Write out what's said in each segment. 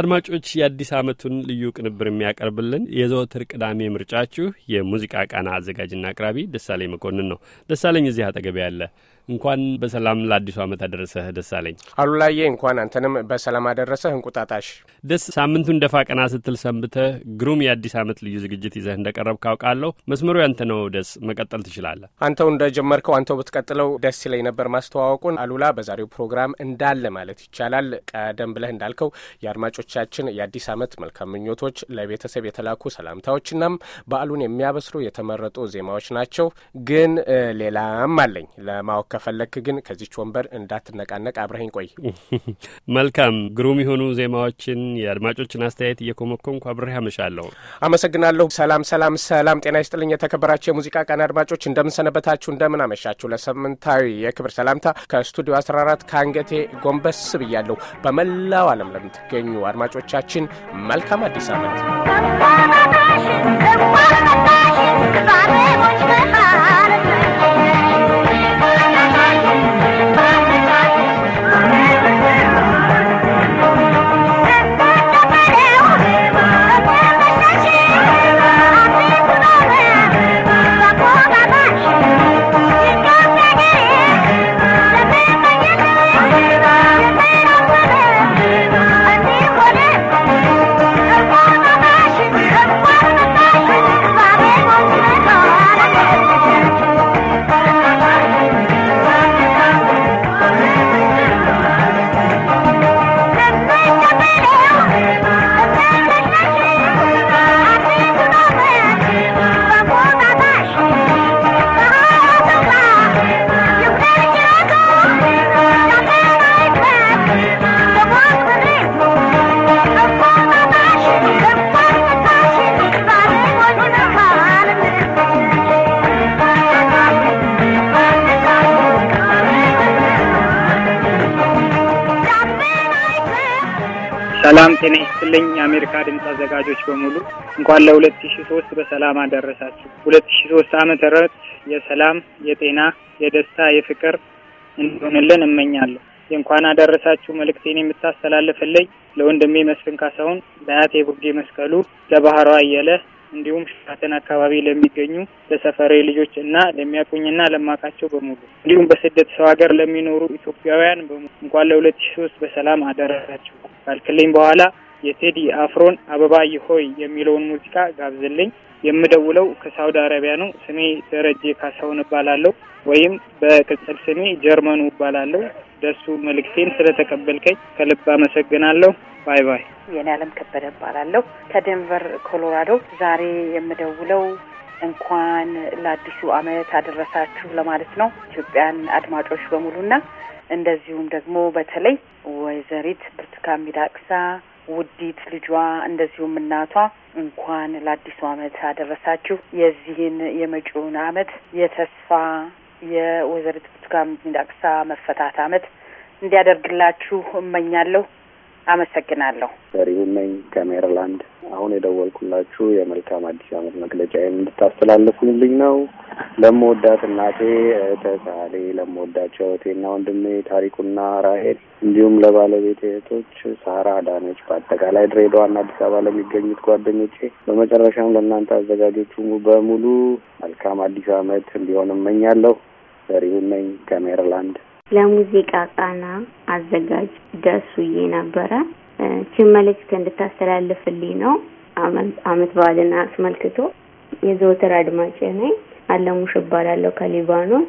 አድማጮች የአዲስ ዓመቱን ልዩ ቅንብር የሚያቀርብልን የዘወትር ቅዳሜ ምርጫችሁ የሙዚቃ ቃና አዘጋጅና አቅራቢ ደሳለኝ መኮንን ነው። ደሳለኝ እዚህ አጠገቤ ያለ እንኳን በሰላም ለአዲሱ ዓመት አደረሰህ ደሳለኝ። አሉላዬ እንኳን አንተንም በሰላም አደረሰህ እንቁጣጣሽ። ደስ ሳምንቱን ደፋ ቀና ስትል ሰንብተህ ግሩም የአዲስ ዓመት ልዩ ዝግጅት ይዘህ እንደ ቀረብ ካውቃለሁ። መስመሩ ያንተ ነው። ደስ መቀጠል ትችላለህ። አንተው እንደጀመርከው አንተው ብትቀጥለው ደስ ይለኝ ነበር ማስተዋወቁን። አሉላ በዛሬው ፕሮግራም እንዳለ ማለት ይቻላል ቀደም ብለህ እንዳልከው የአድማጮቻችን የአዲስ ዓመት መልካም ምኞቶች፣ ለቤተሰብ የተላኩ ሰላምታዎችናም በዓሉን የሚያበስሩ የተመረጡ ዜማዎች ናቸው። ግን ሌላም አለኝ ለማወከ ከፈለክ ግን ከዚች ወንበር እንዳትነቃነቅ አብረኸኝ ቆይ። መልካም ግሩም የሆኑ ዜማዎችን የአድማጮችን አስተያየት እየኮመኮንኩ አብሬህ አመሻለሁ። አመሰግናለሁ። ሰላም ሰላም ሰላም። ጤና ይስጥልኝ የተከበራቸው የሙዚቃ ቀን አድማጮች እንደምንሰነበታችሁ፣ እንደምን አመሻችሁ። ለሳምንታዊ የክብር ሰላምታ ከስቱዲዮ 14 ከአንገቴ ጎንበስ ብያለሁ። በመላው ዓለም ለምትገኙ አድማጮቻችን መልካም አዲስ ዓመት። እንኳን ለሁለት ሺ ሶስት በሰላም አደረሳችሁ። ሁለት ሺ ሶስት ዓመተ ምህረት የሰላም የጤና የደስታ የፍቅር እንዲሆንልን እመኛለሁ። የእንኳን አደረሳችሁ መልእክቴን የምታስተላልፍልኝ ለወንድሜ መስፍን ካሳሁን፣ ለአያቴ ቡጌ መስቀሉ፣ ለባህሯ አየለ እንዲሁም ሻትን አካባቢ ለሚገኙ ለሰፈሬ ልጆች እና ለሚያቁኝና ለማቃቸው በሙሉ እንዲሁም በስደት ሰው ሀገር ለሚኖሩ ኢትዮጵያውያን በሙሉ እንኳን ለሁለት ሺ ሶስት በሰላም አደረሳችሁ ካልክልኝ በኋላ የቴዲ አፍሮን አበባዬ ሆይ የሚለውን ሙዚቃ ጋብዝልኝ። የምደውለው ከሳውዲ አረቢያ ነው። ስሜ ደረጀ ካሳሁን እባላለሁ፣ ወይም በቅጽል ስሜ ጀርመኑ እባላለሁ። ደሱ መልእክቴን ስለተቀበልከኝ ከልብ አመሰግናለሁ። ባይ ባይ። የኔ አለም ከበደ እባላለሁ ከዴንቨር ኮሎራዶ። ዛሬ የምደውለው እንኳን ለአዲሱ አመት አደረሳችሁ ለማለት ነው ኢትዮጵያን አድማጮች በሙሉና እንደዚሁም ደግሞ በተለይ ወይዘሪት ብርቱካን ሚዳቅሳ ውዲት ልጇ እንደዚሁም እናቷ እንኳን ለአዲሱ አመት አደረሳችሁ። የዚህን የመጪውን አመት የተስፋ የወይዘሪት ብርቱካን ሚደቅሳ መፈታት አመት እንዲያደርግላችሁ እመኛለሁ። አመሰግናለሁ። ዘሪሁን ነኝ ከሜሪላንድ። አሁን የደወልኩላችሁ የመልካም አዲስ ዓመት መግለጫ እንድታስተላልፉልኝ ነው። ለመወዳት እናቴ ተሳሌ፣ ለመወዳቸው እህቴና ወንድሜ ታሪኩና ራሄል፣ እንዲሁም ለባለቤት እህቶች ሳራ፣ አዳነች፣ በአጠቃላይ ድሬዳዋና አዲስ አበባ ለሚገኙት ጓደኞቼ፣ በመጨረሻም ለእናንተ አዘጋጆቹ በሙሉ መልካም አዲስ ዓመት እንዲሆን እመኛለሁ። ዘሪሁን ነኝ ከሜሪላንድ። ለሙዚቃ ቃና አዘጋጅ ደሱዬ ነበረ። ችን መልእክት እንድታስተላልፍልኝ ነው። አመት በዓልን አስመልክቶ የዘወትር አድማጭ ነኝ። አለሙሽ እባላለሁ ከሊባኖስ።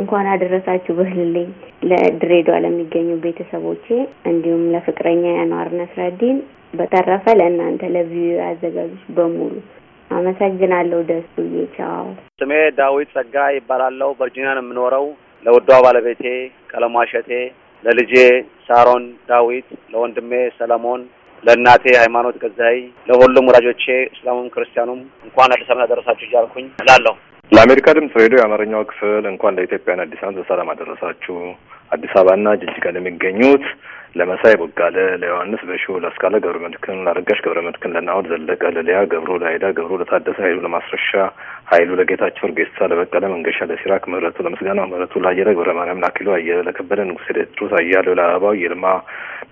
እንኳን አደረሳችሁ በህልልኝ ለድሬዳዋ ለሚገኙ ቤተሰቦቼ፣ እንዲሁም ለፍቅረኛ ያኗር ነስረዲን፣ በተረፈ ለእናንተ ለቪዮ አዘጋጆች በሙሉ አመሰግናለሁ። ደሱዬ ቻው። ስሜ ዳዊት ጸጋ ይባላለሁ። ቨርጂኒያ ነው የምኖረው። ለውዷ ባለቤቴ ቀለሟ ሸቴ፣ ለልጄ ሳሮን ዳዊት፣ ለወንድሜ ሰለሞን፣ ለእናቴ ሃይማኖት ገዛይ፣ ለሁሉም ወዳጆቼ እስላሙም ክርስቲያኑም እንኳን አዲስ ዓመት አደረሳችሁ እያልኩኝ እላለሁ። ለአሜሪካ ድምጽ ሬዲዮ የአማርኛው ክፍል እንኳን ለኢትዮጵያን አዲስ ዓመት በሰላም አደረሳችሁ። አዲስ አበባና ጅጅጋ ለሚገኙት ለመሳይ ቦጋለ፣ ለዮሐንስ በሹ ለአስካለ ገብረ መድህን፣ ለአረጋሽ ገብረ መድህን፣ ለናወድ ዘለቀ፣ ለሊያ ገብሩ፣ ለአይዳ ገብሩ፣ ለታደሰ ኃይሉ፣ ለማስረሻ ኃይሉ፣ ለጌታቸው እርጌሳ፣ ለበቀለ መንገሻ፣ ለሲራክ ምህረቱ፣ ለምስጋና ምህረቱ፣ ለአየለ ገብረ ማርያም፣ ለአኪሉ አየለ፣ ለከበደ ንጉሴ፣ ለቴድሮስ አያሌው፣ ለአበባው ይልማ፣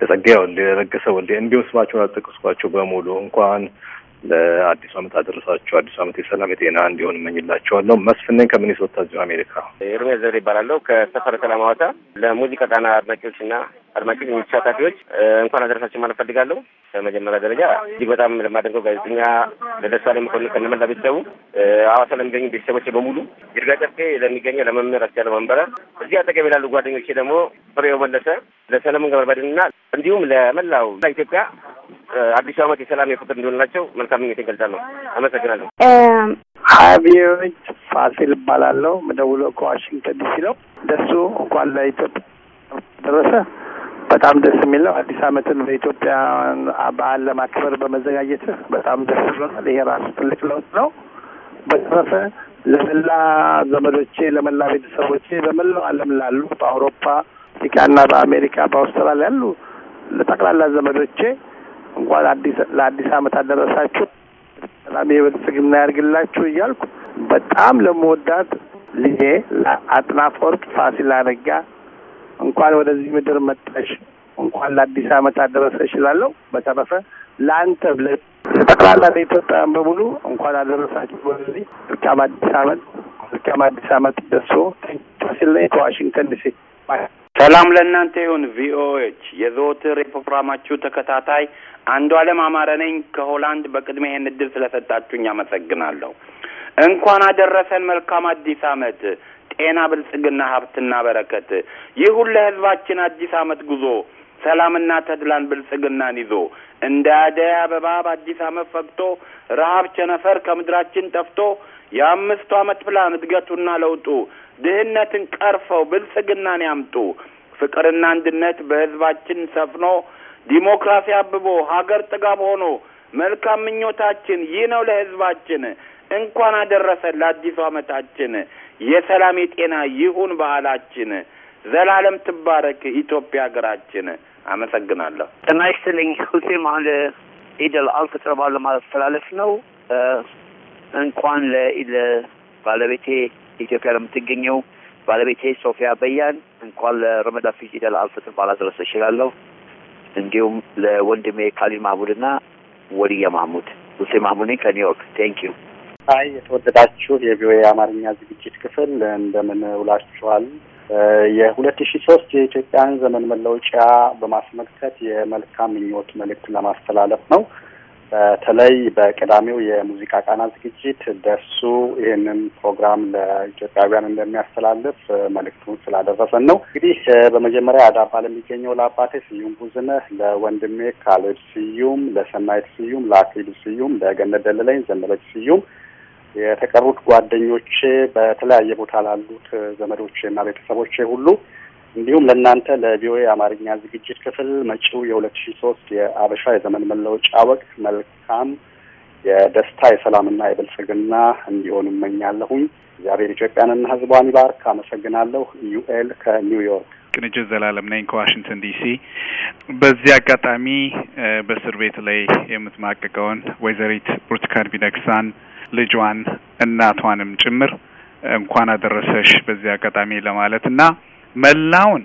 ለጸጋዬ ወልዴ፣ ለለገሰ ወልዴ እንዲሁም ስማቸው ያልጠቀስኳቸው በሙሉ እንኳን ለአዲሱ ዓመት አደረሳችሁ። አዲሱ ዓመት የሰላም የጤና እንዲሆን እመኝላቸዋለሁ። መስፍን ነኝ ከሚኒሶታ እዚሁ አሜሪካ። ኤርሜ ዘር ይባላለሁ ከሰፈረ ሰላማዋታ። ለሙዚቃ ጣና አድናቂዎች እና አድማጮች፣ ተሳታፊዎች እንኳን አደረሳችሁ ማለት ፈልጋለሁ። በመጀመሪያ ደረጃ እጅግ በጣም ለማደንቀው ጋዜጠኛ ለደሳ ላይ መኮንን ከነመላ ቤተሰቡ፣ ሐዋሳ ለሚገኙ ቤተሰቦች በሙሉ፣ ይርጋ ጨፌ ለሚገኘው ለመምህር አስቻለ መንበረ፣ እዚህ አጠገብ ላሉ ጓደኞቼ ደግሞ ፍሬው መለሰ፣ ለሰለሞን ገበርባድንና እንዲሁም ለመላው ኢትዮጵያ አዲሱ ዓመት የሰላም የፍቅር እንዲሆንላቸው መልካም ምኞቴን እገልጻለሁ። አመሰግናለሁ። ሀቢዎች ፋሲል እባላለሁ። ምደውሎ ከዋሽንግተን ዲሲ ነው። ደሱ እንኳን ለኢትዮጵያ ደረሰ። በጣም ደስ የሚል ነው። አዲስ አመትን በኢትዮጵያን በዓል ለማክበር በመዘጋጀትህ በጣም ደስ ብሎናል። ይሄ ራሱ ትልቅ ለውጥ ነው። በተረፈ ለመላ ዘመዶቼ፣ ለመላ ቤተሰቦቼ በመላው ዓለም ላሉ በአውሮፓ አፍሪካና በአሜሪካ በአውስትራሊያ ያሉ ለጠቅላላ ዘመዶቼ እንኳን አዲስ ለአዲስ አመት አደረሳችሁ ሰላም የበልጽግና ያርግላችሁ እያልኩ በጣም ለመወዳት ልጄ ለአጥናፍ ወርቅ ፋሲል አረጋ እንኳን ወደዚህ ምድር መጣሽ፣ እንኳን ለአዲስ ዓመት አደረሰሽ እላለሁ። በተረፈ ለአንተ ብለህ ጠቅላላ ለኢትዮጵያውያን በሙሉ እንኳን አደረሳችሁ ወደዚህ መልካም አዲስ ዓመት መልካም አዲስ አመት ደሶ ሲል ከዋሽንግተን ዲሲ ሰላም ለእናንተ ይሁን። ቪኦኤች የዘወትር የፕሮግራማችሁ ተከታታይ አንዱ አለም አማረ ነኝ ከሆላንድ። በቅድሚያ ይህን እድል ስለሰጣችሁኝ አመሰግናለሁ። እንኳን አደረሰን መልካም አዲስ አመት። ጤና፣ ብልጽግና፣ ሀብትና በረከት ይሁን ለህዝባችን አዲስ ዓመት ጉዞ ሰላምና ተድላን ብልጽግናን ይዞ እንደ አደይ አበባ በአዲስ ዓመት ፈግቶ ረሀብ ቸነፈር ከምድራችን ጠፍቶ የአምስቱ ዓመት ፕላን እድገቱና ለውጡ ድህነትን ቀርፈው ብልጽግናን ያምጡ ፍቅርና አንድነት በህዝባችን ሰፍኖ ዲሞክራሲ አብቦ ሀገር ጥጋብ ሆኖ መልካም ምኞታችን ይህ ነው ለህዝባችን። እንኳን አደረሰን ለአዲሱ ዓመታችን። የሰላም የጤና ይሁን ባህላችን። ዘላለም ትባረክ ኢትዮጵያ ሀገራችን። አመሰግናለሁ። ጤና ይስጥልኝ። ሁሴም አለ ኢደል አልፍጥር ባለ ለማስተላለፍ ነው። እንኳን ለኢድ ባለቤቴ ኢትዮጵያ ለምትገኘው ባለቤቴ ሶፊያ በያን እንኳን ለረመዳ ፊት ኢደል አልፍጥር ባላ አደረሰ ይችላለሁ። እንዲሁም ለወንድሜ ካሊድ ማህሙድና ወልያ ማህሙድ ሁሴ ማህሙድ ነኝ ከኒውዮርክ ቴንኪዩ አይ የተወደዳችሁ የቪኦኤ የአማርኛ ዝግጅት ክፍል እንደምን ውላችኋል? የሁለት ሺ ሶስት የኢትዮጵያን ዘመን መለወጫ በማስመልከት የመልካም ምኞት መልእክት ለማስተላለፍ ነው። በተለይ በቀዳሚው የሙዚቃ ቃና ዝግጅት ደሱ ይህንን ፕሮግራም ለኢትዮጵያውያን እንደሚያስተላልፍ መልእክቱን ስላደረሰን ነው። እንግዲህ በመጀመሪያ አዳባ ለሚገኘው ለአባቴ ስዩም ቡዝነህ፣ ለወንድሜ ካሌብ ስዩም፣ ለሰናይት ስዩም፣ ለአክሊሉ ስዩም፣ ለገነት ደለለኝ፣ ስዩም የተቀሩት ጓደኞቼ፣ በተለያየ ቦታ ላሉት ዘመዶቼ እና ቤተሰቦቼ ሁሉ እንዲሁም ለእናንተ ለቪኦኤ አማርኛ ዝግጅት ክፍል መጪው የሁለት ሺ ሶስት የአበሻ የዘመን መለወጫ ወቅት መልካም የደስታ የሰላምና የብልጽግና እንዲሆን እመኛለሁኝ። እግዚአብሔር ኢትዮጵያንና ሕዝቧን ይባርክ። አመሰግናለሁ። ዩኤል ከኒውዮርክ ቅንጅት ዘላለም ነኝ ከዋሽንግተን ዲሲ። በዚህ አጋጣሚ በእስር ቤት ላይ የምትማቅቀውን ወይዘሪት ብርቱካን ሚደቅሳን ልጇን፣ እናቷንም ጭምር እንኳን አደረሰሽ በዚህ አጋጣሚ ለማለት እና መላውን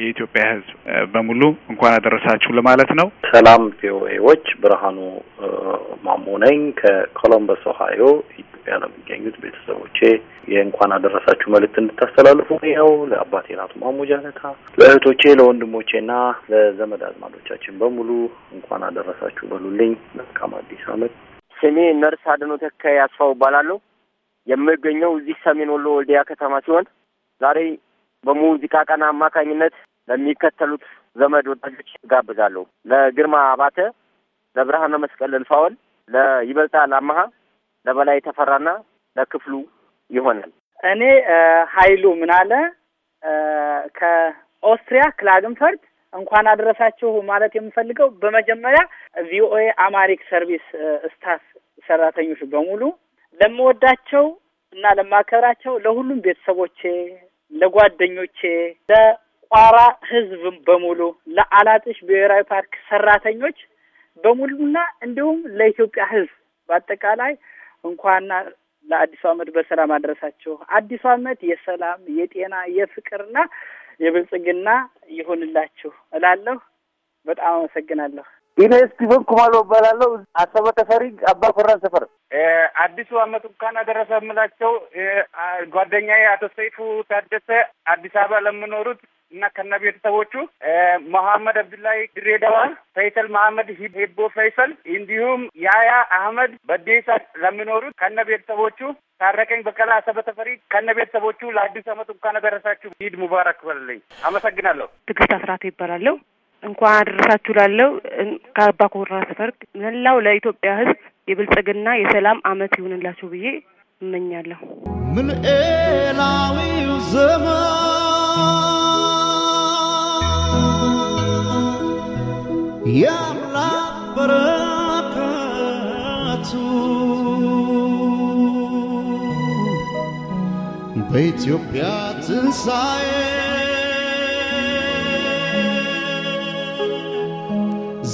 የኢትዮጵያ ህዝብ በሙሉ እንኳን አደረሳችሁ ለማለት ነው። ሰላም ቪኦኤዎች፣ ብርሃኑ ማሞ ነኝ ከኮሎምበስ ኦሃዮ ኢትዮጵያ ነው የሚገኙት። ቤተሰቦቼ የእንኳን አደረሳችሁ መልእክት እንድታስተላልፉ ያው ለአባቴ ናቱ ማሞ ጃነታ፣ ለእህቶቼ፣ ለወንድሞቼና ለዘመድ አዝማዶቻችን በሙሉ እንኳን አደረሳችሁ በሉልኝ። መልካም አዲስ አመት ስሜ ነርስ አድኖ ተካ አስፋው እባላለሁ። የምገኘው እዚህ ሰሜን ወሎ ወልዲያ ከተማ ሲሆን ዛሬ በሙዚቃ ቀን አማካኝነት ለሚከተሉት ዘመድ ወዳጆች እጋብዛለሁ። ለግርማ አባተ፣ ለብርሃነ መስቀል እልፋወል፣ ለይበልጣል አመሀ፣ ለበላይ ተፈራና ለክፍሉ ይሆናል። እኔ ሀይሉ ምናለ ከኦስትሪያ ክላግንፈርድ እንኳን አደረሳችሁ ማለት የምፈልገው በመጀመሪያ ቪኦኤ አማሪክ ሰርቪስ ስታፍ ሰራተኞች በሙሉ ለምወዳቸው እና ለማከብራቸው ለሁሉም ቤተሰቦቼ ለጓደኞቼ፣ ለቋራ ህዝብ በሙሉ፣ ለአላጥሽ ብሔራዊ ፓርክ ሰራተኞች በሙሉና እንዲሁም ለኢትዮጵያ ህዝብ በአጠቃላይ እንኳን ለአዲሱ ዓመት በሰላም አድረሳችሁ። አዲሱ ዓመት የሰላም የጤና የፍቅርና የብልጽግና ይሁንላችሁ እላለሁ። በጣም አመሰግናለሁ። ኢኔ ስቲቨን ኩማሎ እባላለሁ። አሰበ ተፈሪ አባ ኮራን ሰፈር አዲሱ አመት እንኳን አደረሰ የምላቸው ጓደኛዬ አቶ ሰይፉ ታደሰ አዲስ አበባ ለምኖሩት እና ከነ ቤተሰቦቹ መሐመድ አብዱላይ ድሬዳዋ፣ ፈይሰል መሐመድ ሂቦ ፈይሰል፣ እንዲሁም ያያ አህመድ በዴሳ ለሚኖሩት ከነ ቤተሰቦቹ፣ ታረቀኝ በቀላ አሰበ ተፈሪ ከነ ቤተሰቦቹ ለአዲስ አመት እንኳን አደረሳችሁ። ሂድ ሙባረክ በልልኝ። አመሰግናለሁ። ትግስት አስራት ይባላለሁ። እንኳን አደረሳችሁ ላለው ከአባ ኮራ ተፈርቅ መላው ለኢትዮጵያ ሕዝብ የብልጽግና የሰላም አመት ይሁንላችሁ ብዬ እመኛለሁ። ምንኤላዊው ዘመን የአምላክ በረከቱ በኢትዮጵያ ትንሣኤ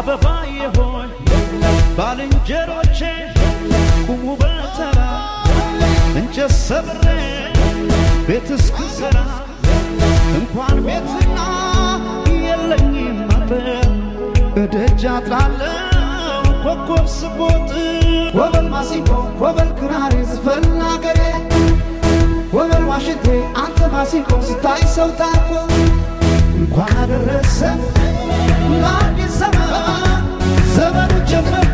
አበባ የሆን ባልንጀሮቼ ቁሙ በተራ እንጨት ሰብሬ ቤት እስክሰራ እንኳን ቤትና የለኝም አጥር እደጃ ጥራለው ኮኮብ ስቦጥ ኮበል ማሲንቆ ኮበል ክራሬ ዝፈን አገሬ ኮበል ዋሽንቴ አንተ ማሲንቆ ስታይ ሰው ታቆ እንኳን አደረሰ ለአዲስ ዘመን Sana jump cevap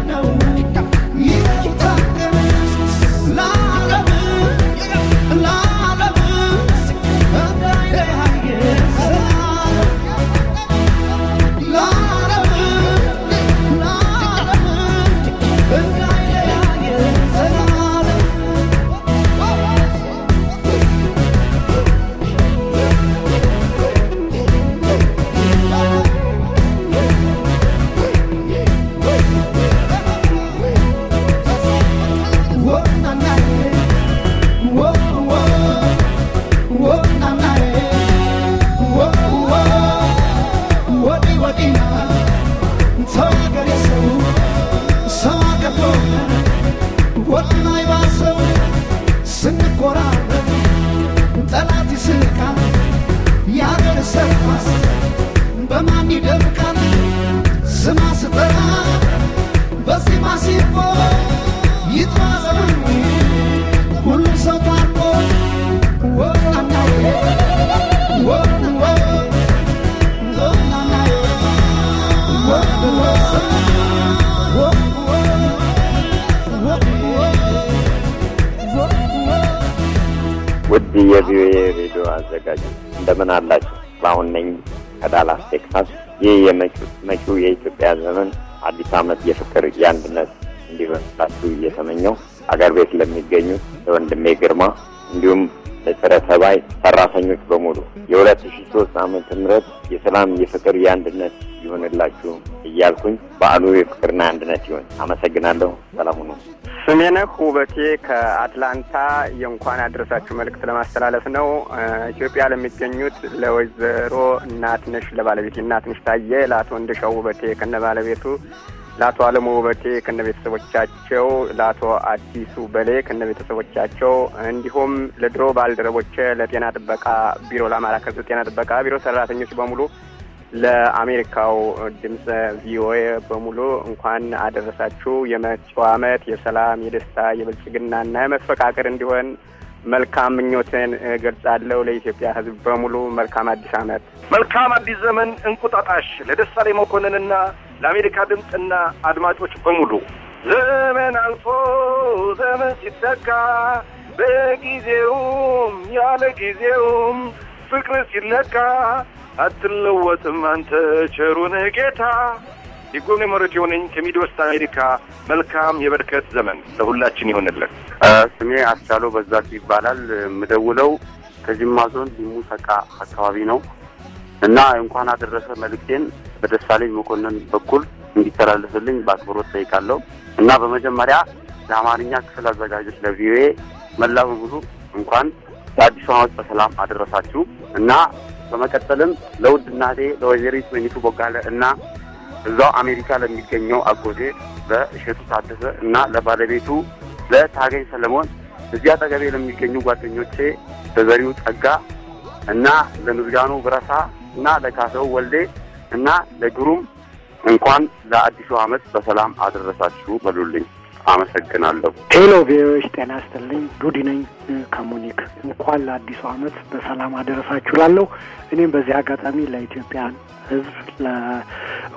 ዘመን አዲስ አመት የፍቅር የአንድነት እንዲሆንላችሁ እየተመኘው አገር ቤት ለሚገኙ ለወንድሜ ግርማ እንዲሁም ለጥረ ሰባይ ሰራተኞች በሙሉ የሁለት ሺ ሶስት ዓመተ የሰላም የፍቅር የአንድነት ይሆንላችሁ እያልኩኝ በዓሉ የፍቅርና አንድነት ይሆን። አመሰግናለሁ። ስሜነህ ውበቴ ከአትላንታ የእንኳን አድረሳችሁ መልእክት ለማስተላለፍ ነው። ኢትዮጵያ ለሚገኙት ለወይዘሮ እናትነሽ ለባለቤት እናትንሽ ታየ፣ ለአቶ ወንድሻው ውበቴ ከነ ባለቤቱ፣ ለአቶ አለሙ ውበቴ ከነ ቤተሰቦቻቸው፣ ለአቶ አዲሱ በሌ ከነ ቤተሰቦቻቸው እንዲሁም ለድሮ ባልደረቦቼ ለጤና ጥበቃ ቢሮ ለአማራ ክልል ጤና ጥበቃ ቢሮ ሰራተኞች በሙሉ ለአሜሪካው ድምፅ ቪኦኤ በሙሉ እንኳን አደረሳችሁ። የመጪው ዓመት የሰላም፣ የደስታ፣ የብልጽግናና የመፈቃቀር እንዲሆን መልካም ምኞትን እገልጻለሁ። ለኢትዮጵያ ሕዝብ በሙሉ መልካም አዲስ ዓመት፣ መልካም አዲስ ዘመን። እንቁጣጣሽ ለደስታ ላይ መኮንንና ለአሜሪካ ድምፅና አድማጮች በሙሉ ዘመን አልፎ ዘመን ሲተካ በጊዜውም ያለ ጊዜውም ፍቅር ሲለካ አትለወጥም አንተ ቸሩን ጌታ። የጎብኔ መሬት የሆነኝ ከሚድወስት አሜሪካ መልካም የበርከት ዘመን ለሁላችን ይሆንልን። ስሜ አስቻለው በዛት ይባላል። የምደውለው ከጅማ ዞን ሊሙ ሰቃ አካባቢ ነው እና እንኳን አደረሰ መልክቴን በደሳለኝ መኮንን በኩል እንዲተላለፍልኝ በአክብሮት ጠይቃለሁ እና በመጀመሪያ ለአማርኛ ክፍል አዘጋጆች ለቪኦኤ መላው በሙሉ እንኳን ለአዲሱ ዓመት በሰላም አደረሳችሁ እና በመቀጠልም ለውድ እናቴ ለወይዘሪት ወይኒቱ ቦጋለ እና እዛው አሜሪካ ለሚገኘው አጎቴ በእሸቱ ታደሰ እና ለባለቤቱ ለታገኝ ሰለሞን እዚህ አጠገቤ ለሚገኙ ጓደኞቼ በዘሪው ጸጋ እና ለምዝጋኑ ብረሳ እና ለካሰው ወልዴ እና ለግሩም እንኳን ለአዲሱ ዓመት በሰላም አደረሳችሁ በሉልኝ። አመሰግናለሁ። ሄሎ ቪዎች ጤና ይስጥልኝ። ዱዲ ነኝ ከሙኒክ። እንኳን ለአዲሱ ዓመት በሰላም አደረሳችሁ ላለሁ እኔም በዚህ አጋጣሚ ለኢትዮጵያ ሕዝብ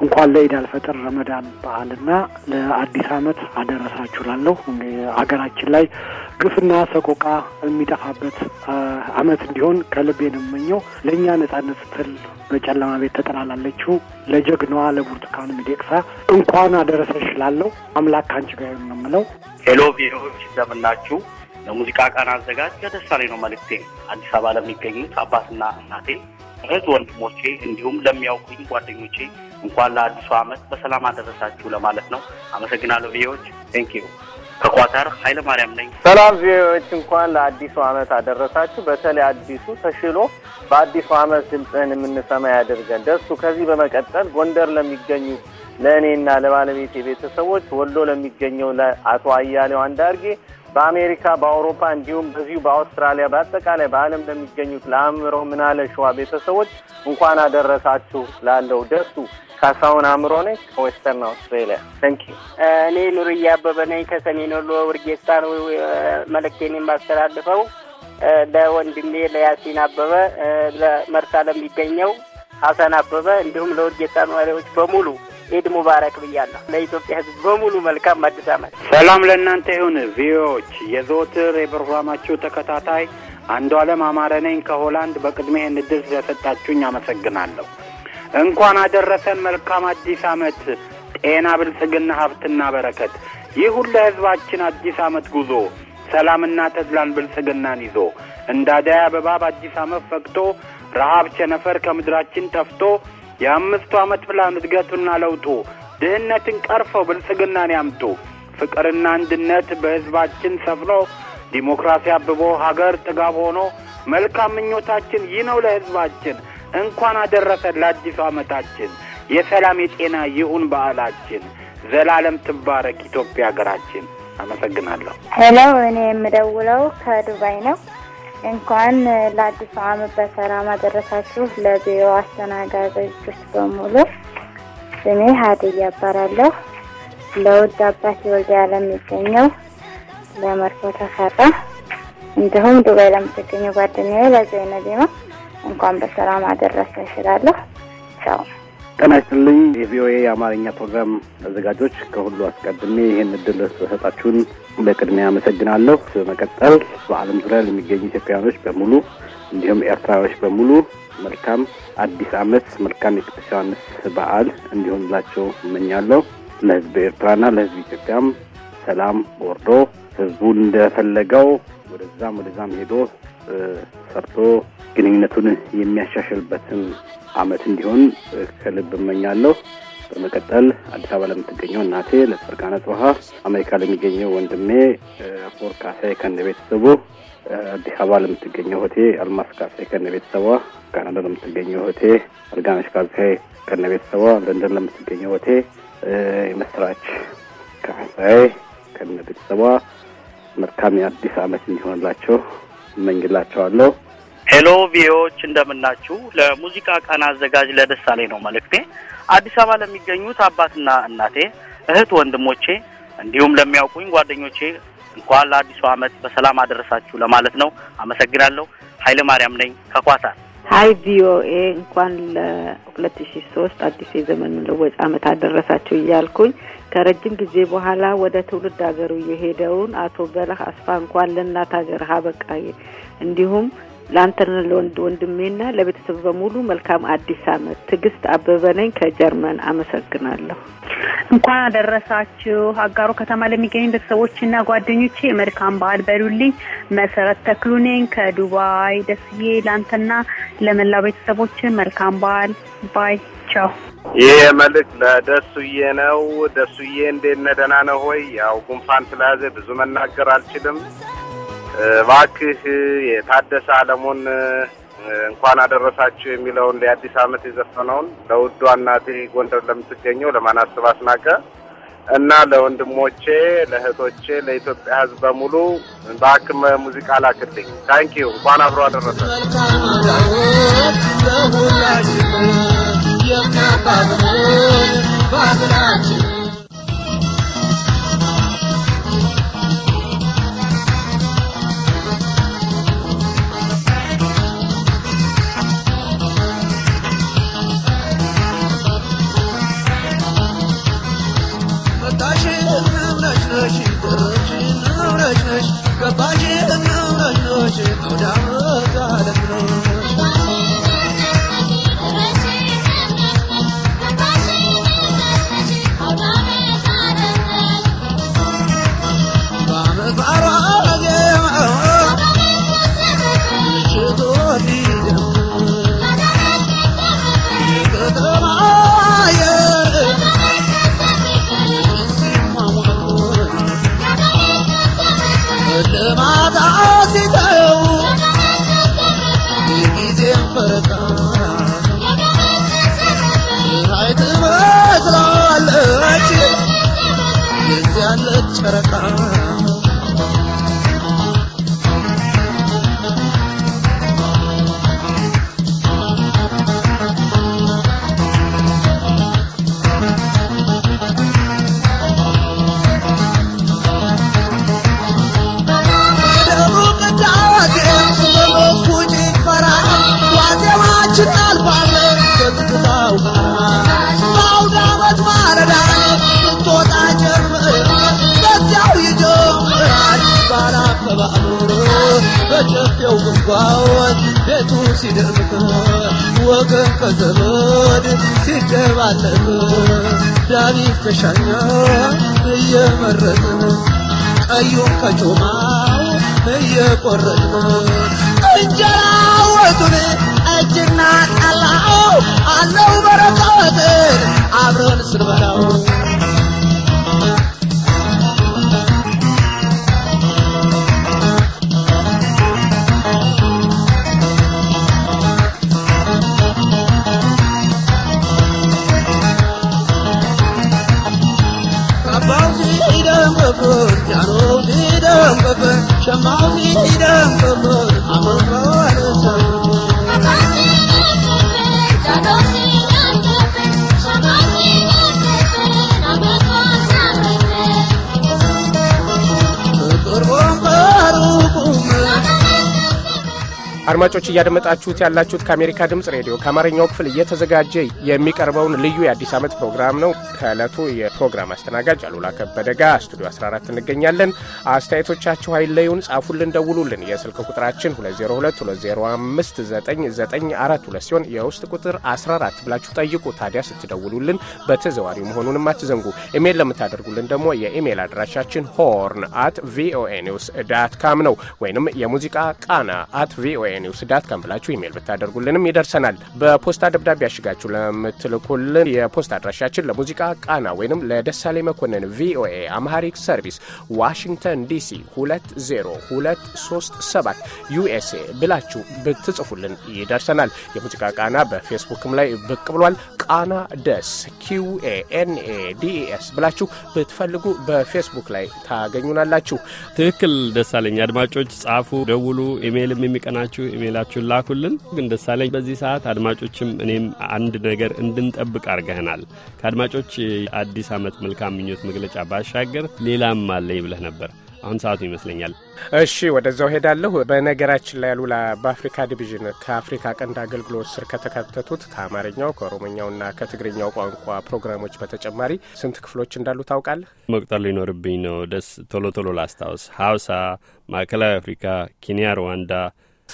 እንኳን ለኢድ አልፈጥር ረመዳን በዓልና ለአዲስ ዓመት አደረሳችሁ ላለሁ አገራችን ላይ ግፍና ሰቆቃ የሚጠፋበት ዓመት እንዲሆን ከልቤ ነው የምመኘው። ለእኛ ነጻነት ስትል በጨለማ ቤት ተጠላላለችው ለጀግናዋ ለብርቱካን ሚደቅሳ እንኳን አደረሰሽ ላለው አምላክ ከአንቺ ጋር ነው የምለው። ሄሎ ቪዎች እንደምናችሁ። ለሙዚቃ ቀን አዘጋጅ ከደሳሌ ነው መልእክቴ። አዲስ አበባ ለሚገኙት አባትና እናቴ፣ እህት ወንድሞቼ፣ እንዲሁም ለሚያውቁኝ ጓደኞቼ እንኳን ለአዲሱ አመት በሰላም አደረሳችሁ ለማለት ነው። አመሰግናለሁ ቪዲዮዎች ቴንኪዩ ከኳታር ኃይለ ማርያም ነኝ። ሰላም ዜዎች እንኳን ለአዲሱ ዓመት አደረሳችሁ። በተለይ አዲሱ ተሽሎ በአዲሱ ዓመት ድምፅህን የምንሰማ ያደርገን ደሱ። ከዚህ በመቀጠል ጎንደር ለሚገኙ ለእኔና ለባለቤቴ ቤተሰቦች፣ ወሎ ለሚገኘው ለአቶ አያሌው አንዳርጌ በአሜሪካ በአውሮፓ እንዲሁም በዚሁ በአውስትራሊያ በአጠቃላይ በዓለም ለሚገኙት ለአእምሮ ምናለ ሸዋ ቤተሰቦች እንኳን አደረሳችሁ። ላለው ደሱ ካሳሁን አእምሮ ነኝ ከዌስተርን አውስትራሊያ። ንኪ። እኔ ኑርያ አበበ ነኝ ከሰሜን ወሎ ውርጌሳ ነው መልእክቴን የማስተላልፈው ለወንድሜ ለያሲን አበበ ለመርሳ ለሚገኘው ሀሰን አበበ እንዲሁም ለውርጌሳ ነዋሪዎች በሙሉ ኢድ ሙባረክ ብያለሁ። ለኢትዮጵያ ሕዝብ በሙሉ መልካም አዲስ ዓመት። ሰላም ለእናንተ ይሁን። ቪዎች የዘወትር የፕሮግራማችሁ ተከታታይ አንዱ አለም አማረ ነኝ ከሆላንድ። በቅድሚያ ይህን ዕድል ስለሰጣችሁኝ አመሰግናለሁ። እንኳን አደረሰን። መልካም አዲስ ዓመት፣ ጤና፣ ብልጽግና፣ ሀብትና በረከት ይሁን ለሕዝባችን አዲስ ዓመት ጉዞ ሰላምና ተድላን ብልጽግናን ይዞ እንደ አደይ አበባ በአዲስ ዓመት ፈክቶ ረሃብ ቸነፈር ከምድራችን ጠፍቶ የአምስቱ ዓመት ፕላን እድገቱና ለውጡ ድህነትን ቀርፈው ብልጽግናን ያምጡ። ፍቅርና አንድነት በሕዝባችን ሰፍኖ ዲሞክራሲ አብቦ ሀገር ጥጋብ ሆኖ መልካም ምኞታችን ይህ ነው ለሕዝባችን። እንኳን አደረሰን ለአዲሱ ዓመታችን። የሰላም የጤና ይሁን በዓላችን። ዘላለም ትባረክ ኢትዮጵያ ሀገራችን። አመሰግናለሁ። ሄሎ፣ እኔ የምደውለው ከዱባይ ነው። እንኳን ለአዲሱ ዓመት በሰላም አደረሳችሁ። ለቢሮ አስተናጋጆች በሙሉ ስሜ ሀዲያ እባላለሁ። ለውድ አባቴ ወልዲያ ለሚገኘው ለመርፎ ተሰራ እንዲሁም ዱባይ ለምትገኘው ጓደኛዬ ለዘይነዲማ እንኳን በሰላም አደረሰ እችላለሁ። ቻው ጤና ይስጥልኝ። የቪኦኤ የአማርኛ ፕሮግራም አዘጋጆች፣ ከሁሉ አስቀድሜ ይህን እድል ስለሰጣችሁን በቅድሚያ አመሰግናለሁ። በመቀጠል በዓለም ዙሪያ ለሚገኙ ኢትዮጵያውያኖች በሙሉ እንዲሁም ኤርትራዎች በሙሉ መልካም አዲስ ዓመት፣ መልካም የቅዱስ ዮሐንስ በዓል እንዲሆንላቸው እመኛለሁ። ለሕዝብ ኤርትራና ለህዝብ ኢትዮጵያም ሰላም ወርዶ ህዝቡ እንደፈለገው ወደዛም ወደዛም ሄዶ ሰርቶ ግንኙነቱን የሚያሻሽልበትን አመት እንዲሆን ከልብ እመኛለሁ። በመቀጠል አዲስ አበባ ለምትገኘው እናቴ ለተፈርቃነ ጽሀ፣ አሜሪካ ለሚገኘው ወንድሜ አፈወርቅ ካሳዬ ከነ ቤተሰቡ፣ አዲስ አበባ ለምትገኘው እህቴ አልማስ ካሳዬ ከነ ቤተሰቧ፣ ካናዳ ለምትገኘው እህቴ አርጋነሽ ካሳዬ ከነ ቤተሰቧ፣ ለንደን ለምትገኘው እህቴ የመስራች ካሳዬ ከነ ቤተሰቧ መልካም የአዲስ አመት እንዲሆንላቸው እመኝላቸዋለሁ። ሄሎ ቪዎች እንደምናችሁ። ለሙዚቃ ቃና አዘጋጅ ለደሳሌ ነው መልእክቴ። አዲስ አበባ ለሚገኙት አባትና እናቴ፣ እህት ወንድሞቼ፣ እንዲሁም ለሚያውቁኝ ጓደኞቼ እንኳን ለአዲሱ ዓመት በሰላም አደረሳችሁ ለማለት ነው። አመሰግናለሁ። ኃይለ ማርያም ነኝ ከኳታር። ሀይ ቪኦኤ እንኳን ለሁለት ሺ ሶስት አዲስ የዘመን መለወጫ አመት አደረሳችሁ እያልኩኝ ከረጅም ጊዜ በኋላ ወደ ትውልድ ሀገሩ የሄደውን አቶ በለህ አስፋ እንኳን ለእናት ሀገር ሀበቃ እንዲሁም ለአንተና ለወንድ ወንድሜና ለቤተሰብ በሙሉ መልካም አዲስ አመት ትዕግስት አበበ ነኝ ከጀርመን አመሰግናለሁ። እንኳን አደረሳችሁ። አጋሮ ከተማ ለሚገኙ ቤተሰቦችና ጓደኞቼ መልካም በዓል በሉልኝ። መሰረት ተክሉ ነኝ ከዱባይ። ደስዬ ለአንተና ለመላው ቤተሰቦች መልካም በዓል ባይ ቻው። ይህ መልእክት ለደሱዬ ነው። ደሱዬ እንዴት ነህ? ደህና ነህ ያው ጉንፋን ስለያዘ ብዙ መናገር አልችልም። እባክህ የታደሰ አለሙን እንኳን አደረሳችሁ የሚለውን ለአዲስ አመት የዘፈነውን ለውዷ እናቴ ጎንደር ለምትገኘው ለማናስብ አስናቀ እና ለወንድሞቼ፣ ለእህቶቼ፣ ለኢትዮጵያ ሕዝብ በሙሉ በአክመ ሙዚቃ ላክልኝ። ዩ እንኳን አብሮ አደረሰ። Kırıcın uğraşmış kapacı ዘመድ ሲደባለቅ ዳቢት ከሻኛ እየመረጥን ቀዩን ከጮማው እየቆረጥን እንጀራ ወጡን እጅና ጠላው አለው በረከት አብረን ስንበላው baba, Shamali Ram baba, Amar አድማጮች እያደመጣችሁት ያላችሁት ከአሜሪካ ድምፅ ሬዲዮ ከአማርኛው ክፍል እየተዘጋጀ የሚቀርበውን ልዩ የአዲስ ዓመት ፕሮግራም ነው። ከዕለቱ የፕሮግራም አስተናጋጅ አሉላ ከበደ ጋ ስቱዲዮ 14 እንገኛለን። አስተያየቶቻችሁ አይለዩን፣ ጻፉልን፣ ደውሉልን። የስልክ ቁጥራችን 2022059942 ሲሆን የውስጥ ቁጥር 14 ብላችሁ ጠይቁ። ታዲያ ስትደውሉልን በተዘዋሪ መሆኑንም አትዘንጉ። ኢሜይል ለምታደርጉልን ደግሞ የኢሜይል አድራሻችን ሆርን አት ቪኦኤ ኒውስ ዳት ካም ነው ወይም የሙዚቃ ቃና አት ቪኦኤ ኒውስ ዳት ብላችሁ ኢሜይል ብታደርጉልንም ይደርሰናል። በፖስታ ደብዳቤ ያሽጋችሁ ለምትልኩልን የፖስታ አድራሻችን ለሙዚቃ ቃና ወይም ለደሳሌ መኮንን ቪኦኤ አምሃሪክ ሰርቪስ ዋሽንግተን ዲሲ 20237 ዩኤስኤ ብላችሁ ብትጽፉልን ይደርሰናል። የሙዚቃ ቃና በፌስቡክም ላይ ብቅ ብሏል። ቃና ደስ ኪውኤ ኤንኤ ዲኤስ ብላችሁ ብትፈልጉ በፌስቡክ ላይ ታገኙናላችሁ። ትክክል ደሳለኝ። አድማጮች ጻፉ፣ ደውሉ። ኢሜይልም የሚቀናችሁ ኢሜላችሁን ላኩልን። ግን ደሳለኝ፣ በዚህ ሰዓት አድማጮችም እኔም አንድ ነገር እንድንጠብቅ አድርገህናል። ከአድማጮች አዲስ ዓመት መልካም ምኞት መግለጫ ባሻገር ሌላም አለኝ ብለህ ነበር። አሁን ሰዓቱ ይመስለኛል። እሺ ወደዛው ሄዳለሁ። በነገራችን ላይ ያሉላ በአፍሪካ ዲቪዥን ከአፍሪካ ቀንድ አገልግሎት ስር ከተከተቱት ከአማርኛው ከኦሮምኛውና ከትግርኛው ቋንቋ ፕሮግራሞች በተጨማሪ ስንት ክፍሎች እንዳሉ ታውቃለህ? መቁጠር ሊኖርብኝ ነው። ደስ ቶሎ ቶሎ ላስታውስ። ሀውሳ፣ ማዕከላዊ አፍሪካ፣ ኬንያ፣ ሩዋንዳ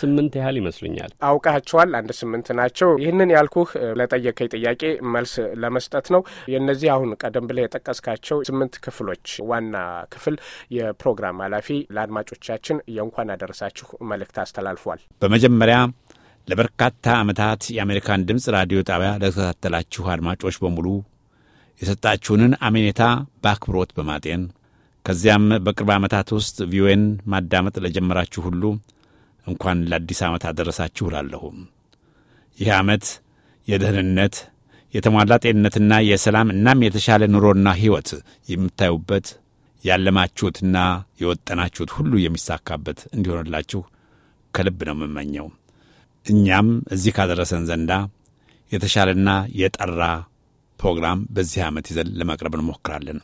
ስምንት ያህል ይመስሉኛል። አውቃቸዋል። አንድ ስምንት ናቸው። ይህንን ያልኩህ ለጠየቀኝ ጥያቄ መልስ ለመስጠት ነው። የእነዚህ አሁን ቀደም ብለህ የጠቀስካቸው ስምንት ክፍሎች ዋና ክፍል የፕሮግራም ኃላፊ ለአድማጮቻችን የእንኳን አደረሳችሁ መልእክት አስተላልፏል። በመጀመሪያ ለበርካታ ዓመታት የአሜሪካን ድምፅ ራዲዮ ጣቢያ ለተከታተላችሁ አድማጮች በሙሉ የሰጣችሁንን አሜኔታ በአክብሮት በማጤን ከዚያም በቅርብ ዓመታት ውስጥ ቪኦኤን ማዳመጥ ለጀመራችሁ ሁሉ እንኳን ለአዲስ ዓመት አደረሳችሁ እላለሁ። ይህ ዓመት የደህንነት የተሟላ ጤንነትና የሰላም እናም የተሻለ ኑሮና ሕይወት የምታዩበት ያለማችሁትና የወጠናችሁት ሁሉ የሚሳካበት እንዲሆንላችሁ ከልብ ነው የምመኘው። እኛም እዚህ ካደረሰን ዘንዳ የተሻለና የጠራ ፕሮግራም በዚህ ዓመት ይዘን ለማቅረብ እንሞክራለን።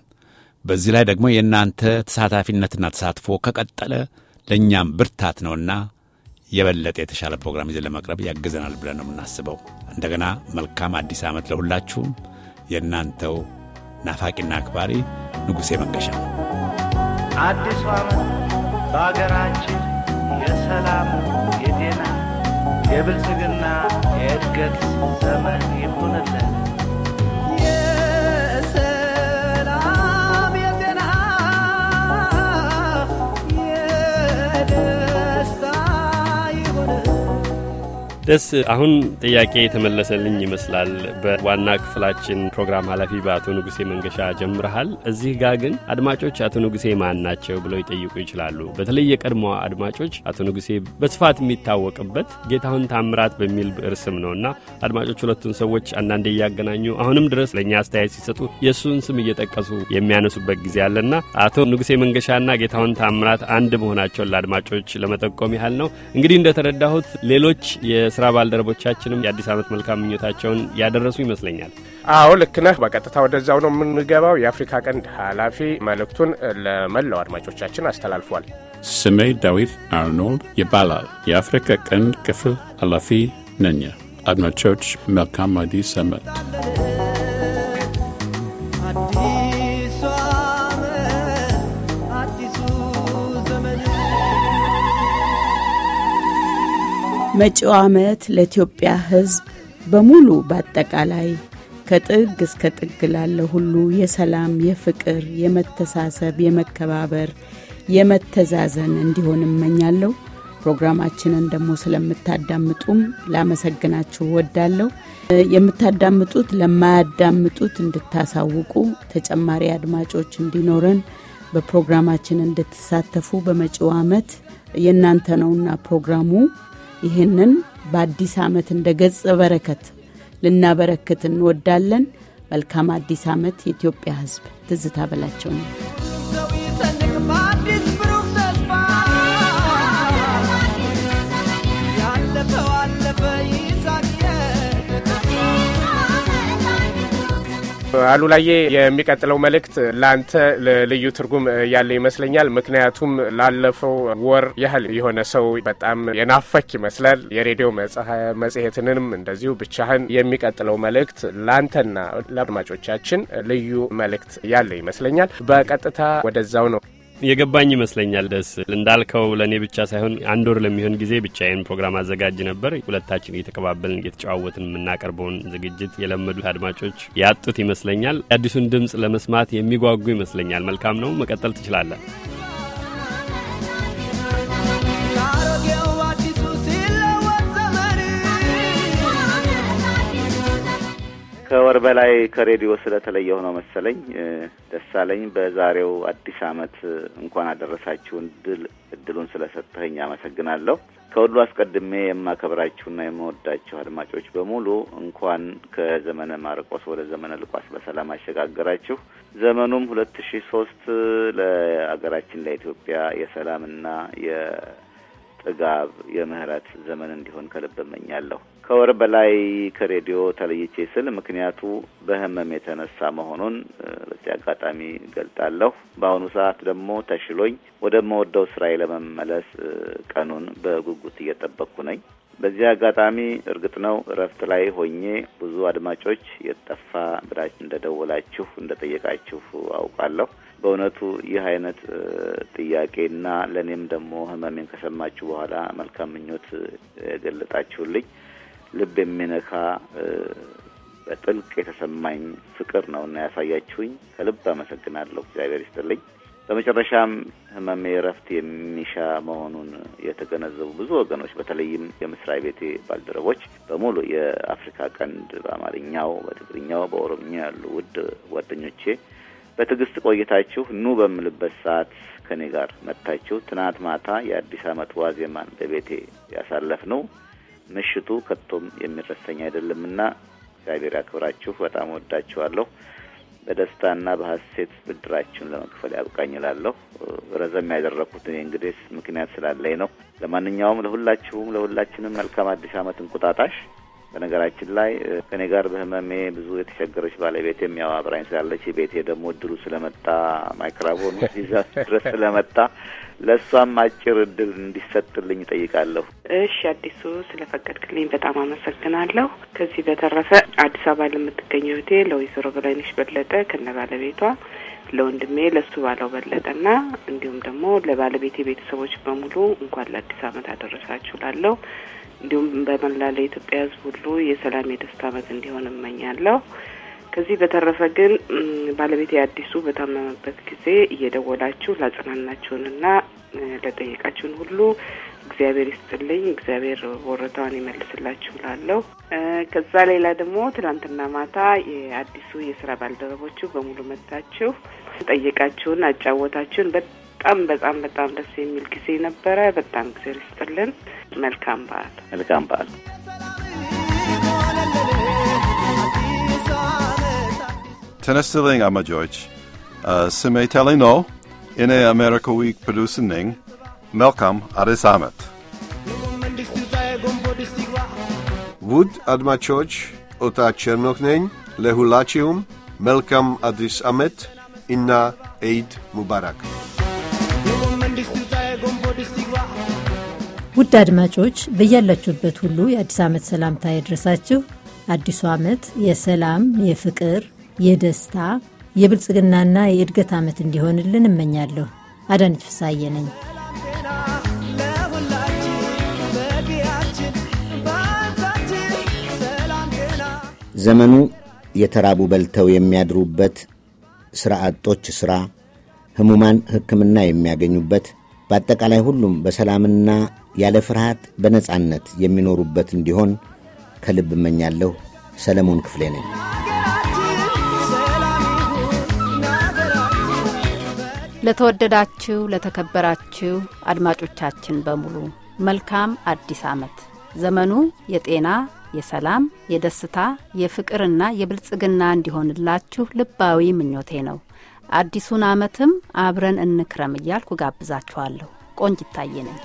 በዚህ ላይ ደግሞ የእናንተ ተሳታፊነትና ተሳትፎ ከቀጠለ ለእኛም ብርታት ነውና የበለጠ የተሻለ ፕሮግራም ይዘን ለማቅረብ ያግዘናል ብለን ነው የምናስበው። እንደገና መልካም አዲስ ዓመት ለሁላችሁም። የእናንተው ናፋቂና አክባሪ ንጉሴ መንገሻ። አዲሱ ዓመት በአገራችን የሰላም፣ የጤና፣ የብልጽግና፣ የእድገት ዘመን ይሁንልን። ደስ አሁን ጥያቄ የተመለሰልኝ ይመስላል። በዋና ክፍላችን ፕሮግራም ኃላፊ በአቶ ንጉሴ መንገሻ ጀምረሃል። እዚህ ጋር ግን አድማጮች አቶ ንጉሴ ማን ናቸው ብለው ይጠይቁ ይችላሉ። በተለይ የቀድሞ አድማጮች አቶ ንጉሴ በስፋት የሚታወቅበት ጌታሁን ታምራት በሚል ብዕር ስም ነው እና አድማጮች ሁለቱን ሰዎች አንዳንዴ እያገናኙ አሁንም ድረስ ለእኛ አስተያየት ሲሰጡ የእሱን ስም እየጠቀሱ የሚያነሱበት ጊዜ አለና አቶ ንጉሴ መንገሻና ጌታሁን ታምራት አንድ መሆናቸውን ለአድማጮች ለመጠቆም ያህል ነው። እንግዲህ እንደተረዳሁት ሌሎች የስ የስራ ባልደረቦቻችንም የአዲስ ዓመት መልካም ምኞታቸውን ያደረሱ ይመስለኛል። አዎ ልክ ነህ። በቀጥታ ወደዛው ነው የምንገባው። የአፍሪካ ቀንድ ኃላፊ መልእክቱን ለመላው አድማጮቻችን አስተላልፏል። ስሜ ዳዊት አርኖልድ ይባላል። የአፍሪካ ቀንድ ክፍል ኃላፊ ነኝ። አድማጮች መልካም አዲስ አመት። መጪው ዓመት ለኢትዮጵያ ሕዝብ በሙሉ በአጠቃላይ ከጥግ እስከ ጥግ ላለ ሁሉ የሰላም፣ የፍቅር፣ የመተሳሰብ፣ የመከባበር፣ የመተዛዘን እንዲሆን እመኛለሁ። ፕሮግራማችንን ደግሞ ስለምታዳምጡም ላመሰግናችሁ ወዳለሁ። የምታዳምጡት ለማያዳምጡት እንድታሳውቁ ተጨማሪ አድማጮች እንዲኖረን በፕሮግራማችን እንድትሳተፉ በመጪው ዓመት የእናንተ ነውና ፕሮግራሙ ይህንን በአዲስ ዓመት እንደ ገጸ በረከት ልናበረክት እንወዳለን። መልካም አዲስ ዓመት የኢትዮጵያ ሕዝብ። ትዝታ በላቸው ነው። አሉላዬ የሚቀጥለው መልእክት ለአንተ ልዩ ትርጉም ያለ ይመስለኛል። ምክንያቱም ላለፈው ወር ያህል የሆነ ሰው በጣም የናፈክ ይመስላል። የሬዲዮ መጽሔትንም እንደዚሁ ብቻህን። የሚቀጥለው መልእክት ለአንተና ለአድማጮቻችን ልዩ መልእክት ያለ ይመስለኛል። በቀጥታ ወደዛው ነው። የገባኝ ይመስለኛል። ደስ እንዳልከው ለእኔ ብቻ ሳይሆን አንድ ወር ለሚሆን ጊዜ ብቻዬን ፕሮግራም አዘጋጅ ነበር። ሁለታችን እየተቀባበልን እየተጨዋወትን የምናቀርበውን ዝግጅት የለመዱት አድማጮች ያጡት ይመስለኛል። የአዲሱን ድምፅ ለመስማት የሚጓጉ ይመስለኛል። መልካም ነው። መቀጠል ትችላለን። ከወር በላይ ከሬዲዮ ስለተለየሁ ነው መሰለኝ። ደሳለኝ በዛሬው አዲስ አመት እንኳን አደረሳችሁን ድል እድሉን ስለሰጠኸኝ አመሰግናለሁ። ከሁሉ አስቀድሜ የማከብራችሁና የምወዳችሁ አድማጮች በሙሉ እንኳን ከዘመነ ማርቆስ ወደ ዘመነ ልቋስ በሰላም አሸጋገራችሁ። ዘመኑም ሁለት ሺ ሶስት ለሀገራችን ለኢትዮጵያ የሰላምና ጥጋብ፣ የምህረት ዘመን እንዲሆን ከልብ እመኛለሁ። ከወር በላይ ከሬዲዮ ተለይቼ ስል ምክንያቱ በህመም የተነሳ መሆኑን በዚህ አጋጣሚ ገልጣለሁ። በአሁኑ ሰዓት ደግሞ ተሽሎኝ ወደምወደው ስራዬ ለመመለስ ቀኑን በጉጉት እየጠበቅኩ ነኝ። በዚህ አጋጣሚ እርግጥ ነው እረፍት ላይ ሆኜ ብዙ አድማጮች የጠፋ ብላችሁ እንደደወላችሁ እንደጠየቃችሁ አውቃለሁ። በእውነቱ ይህ አይነት ጥያቄና ለእኔም ደግሞ ህመሜን ከሰማችሁ በኋላ መልካም ምኞት የገለጣችሁልኝ ልብ የሚነካ በጥልቅ የተሰማኝ ፍቅር ነው እና ያሳያችሁኝ ከልብ አመሰግናለሁ። እግዚአብሔር ይስጥልኝ። በመጨረሻም ህመሜ እረፍት የሚሻ መሆኑን የተገነዘቡ ብዙ ወገኖች በተለይም የምስራይ ቤቴ ባልደረቦች በሙሉ የአፍሪካ ቀንድ በአማርኛው፣ በትግርኛው፣ በኦሮምኛ ያሉ ውድ ጓደኞቼ በትዕግስት ቆይታችሁ ኑ በምልበት ሰዓት ከኔ ጋር መጥታችሁ ትናንት ማታ የአዲስ ዓመት ዋዜማን በቤቴ ነው። ምሽቱ ከቶም የሚረሰኝ አይደለምና እግዚአብሔር ያክብራችሁ። በጣም ወዳችኋለሁ። በደስታና በሀሴት ብድራችሁን ለመክፈል ያብቃኝ እላለሁ። ረዘም ያደረኩት እኔ እንግዲህ ምክንያት ስላለኝ ነው። ለማንኛውም ለሁላችሁም ለሁላችንም መልካም አዲስ ዓመት እንቁጣጣሽ በነገራችን ላይ ከኔ ጋር በህመሜ ብዙ የተቸገረች ባለቤት የሚያው አብራኝ ስላለች ቤቴ ደግሞ እድሉ ስለመጣ ማይክራፎን ይዛ ድረስ ስለመጣ ለእሷም አጭር እድል እንዲሰጥልኝ እጠይቃለሁ። እሺ አዲሱ ስለፈቀድክልኝ በጣም አመሰግናለሁ። ከዚህ በተረፈ አዲስ አበባ ለምትገኘው እህቴ ለወይዘሮ በላይነሽ በለጠ ከነ ባለቤቷ ለወንድሜ ለሱ ባለው በለጠና እንዲሁም ደግሞ ለባለቤቴ ቤተሰቦች በሙሉ እንኳን ለአዲስ አመት አደረሳችሁ ላለው እንዲሁም በመላ ለኢትዮጵያ ሕዝብ ሁሉ የሰላም የደስታ ዓመት እንዲሆን እመኛለሁ። ከዚህ በተረፈ ግን ባለቤት አዲሱ በታመመበት ጊዜ እየደወላችሁ ላጽናናችሁንና ለጠየቃችሁን ሁሉ እግዚአብሔር ይስጥልኝ፣ እግዚአብሔር ወረታውን ይመልስላችሁ ላለሁ። ከዛ ሌላ ደግሞ ትናንትና ማታ የአዲሱ የስራ ባልደረቦቹ በሙሉ መጥታችሁ ጠየቃችሁን፣ አጫወታችሁን በጣም በጣም በጣም ደስ የሚል ጊዜ ነበረ። በጣም ጊዜ ርስጥልን። መልካም በዓል መልካም በዓል። ተነስትልኝ አማጆች፣ ስሜ ቴሌ ነው። እኔ አሜሪካዊ ፕሮዲውሰር ነኝ። መልካም አዲስ ዓመት። ውድ አድማጮች፣ ኦታ ቸርኖክ ነኝ። ለሁላችሁም መልካም አዲስ ዓመት እና ኢድ ሙባራክ ውድ አድማጮች በያላችሁበት ሁሉ የአዲስ ዓመት ሰላምታ ያድረሳችሁ። አዲሱ ዓመት የሰላም፣ የፍቅር፣ የደስታ፣ የብልጽግናና የእድገት ዓመት እንዲሆንልን እመኛለሁ። አዳነች ፍሳዬ ነኝ። ዘመኑ የተራቡ በልተው የሚያድሩበት፣ ሥራ አጦች ሥራ፣ ሕሙማን ሕክምና የሚያገኙበት በአጠቃላይ ሁሉም በሰላምና ያለ ፍርሃት በነጻነት የሚኖሩበት እንዲሆን ከልብ እመኛለሁ። ሰለሞን ክፍሌ ነኝ። ለተወደዳችሁ ለተከበራችሁ አድማጮቻችን በሙሉ መልካም አዲስ ዓመት። ዘመኑ የጤና የሰላም፣ የደስታ፣ የፍቅርና የብልጽግና እንዲሆንላችሁ ልባዊ ምኞቴ ነው። አዲሱን ዓመትም አብረን እንክረም እያልኩ ጋብዛችኋለሁ። ቆንጅ ይታየነኝ።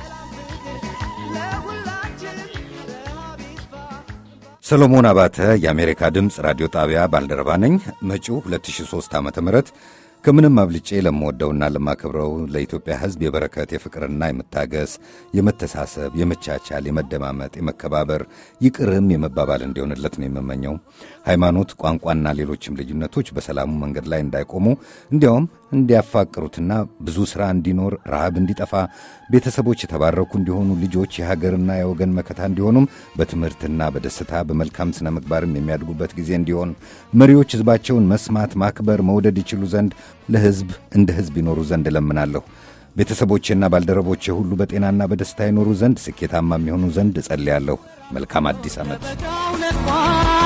ሰሎሞን አባተ የአሜሪካ ድምፅ ራዲዮ ጣቢያ ባልደረባ ነኝ። መጪው 2003 ዓ ም ከምንም አብልጬ ለምወደውና ለማከብረው ለኢትዮጵያ ሕዝብ የበረከት የፍቅርና የመታገስ የመተሳሰብ፣ የመቻቻል፣ የመደማመጥ፣ የመከባበር ይቅርም የመባባል እንዲሆንለት ነው የምመኘው። ሃይማኖት፣ ቋንቋና ሌሎችም ልዩነቶች በሰላሙ መንገድ ላይ እንዳይቆሙ እንዲያውም እንዲያፋቅሩትና ብዙ ሥራ እንዲኖር፣ ረሃብ እንዲጠፋ፣ ቤተሰቦች የተባረኩ እንዲሆኑ፣ ልጆች የሀገርና የወገን መከታ እንዲሆኑም፣ በትምህርትና በደስታ በመልካም ሥነ ምግባርም የሚያድጉበት ጊዜ እንዲሆን፣ መሪዎች ሕዝባቸውን መስማት፣ ማክበር፣ መውደድ ይችሉ ዘንድ ለሕዝብ እንደ ሕዝብ ይኖሩ ዘንድ እለምናለሁ። ቤተሰቦቼና ባልደረቦቼ ሁሉ በጤናና በደስታ ይኖሩ ዘንድ ስኬታማ የሚሆኑ ዘንድ እጸልያለሁ። መልካም አዲስ ዓመት።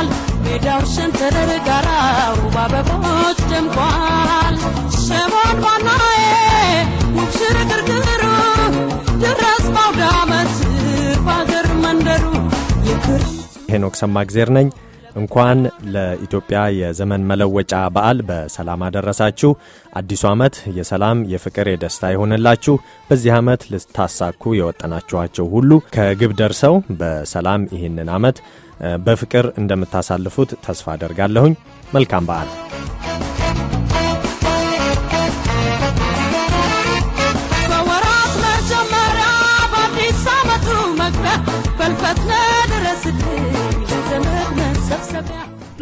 ደምቋል ሜዳው ሸንተረር ደምቋል ባናዬ ውብ ሽርግርግሩ ድረስ መንደሩ ይክር ሄኖክ ነኝ። እንኳን ለኢትዮጵያ የዘመን መለወጫ በዓል በሰላም አደረሳችሁ። አዲሱ ዓመት የሰላም የፍቅር፣ የደስታ ይሆንላችሁ። በዚህ ዓመት ልታሳኩ የወጠናችኋቸው ሁሉ ከግብ ደርሰው በሰላም ይህንን ዓመት በፍቅር እንደምታሳልፉት ተስፋ አደርጋለሁኝ። መልካም በዓል።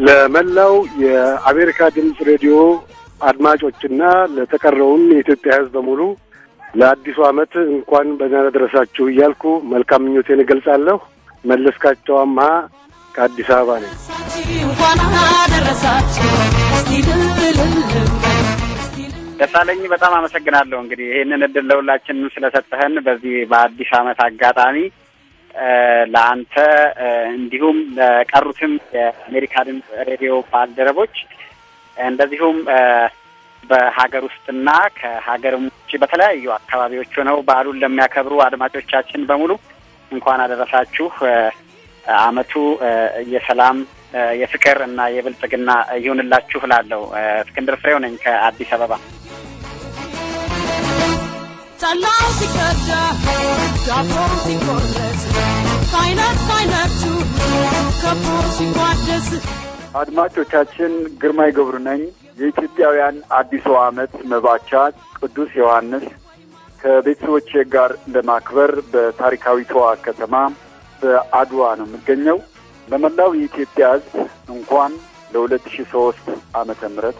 ለመላው የአሜሪካ ድምፅ ሬዲዮ አድማጮችና ለተቀረውን የኢትዮጵያ ሕዝብ በሙሉ ለአዲሱ ዓመት እንኳን በደህና ደረሳችሁ እያልኩ መልካም ምኞቴን እገልጻለሁ። መለስካቸው አምሃ ከአዲስ አበባ ነው። ደሳለኝ በጣም አመሰግናለሁ። እንግዲህ ይህንን እድል ለሁላችንም ስለሰጠህን በዚህ በአዲስ አመት አጋጣሚ ለአንተ እንዲሁም ለቀሩትም የአሜሪካ ድምፅ ሬዲዮ ባልደረቦች እንደዚሁም በሀገር ውስጥና ከሀገርም ውጭ በተለያዩ አካባቢዎች ሆነው በዓሉን ለሚያከብሩ አድማጮቻችን በሙሉ እንኳን አደረሳችሁ። አመቱ የሰላም የፍቅር እና የብልጽግና ይሁንላችሁ እላለሁ። እስክንድር ፍሬው ነኝ ከአዲስ አበባ። ጠላው ዳቦ ሲቆረስ ከቦ ሲቋደስ አድማጮቻችን፣ ግርማይ ገብሩ ነኝ። የኢትዮጵያውያን አዲሱ ዓመት መባቻ ቅዱስ ዮሐንስ ከቤተሰቦቼ ጋር ለማክበር በታሪካዊቷ ከተማ በአድዋ ነው የምገኘው። ለመላው የኢትዮጵያ ሕዝብ እንኳን ለሁለት ሺ ሶስት ዓመተ ምህረት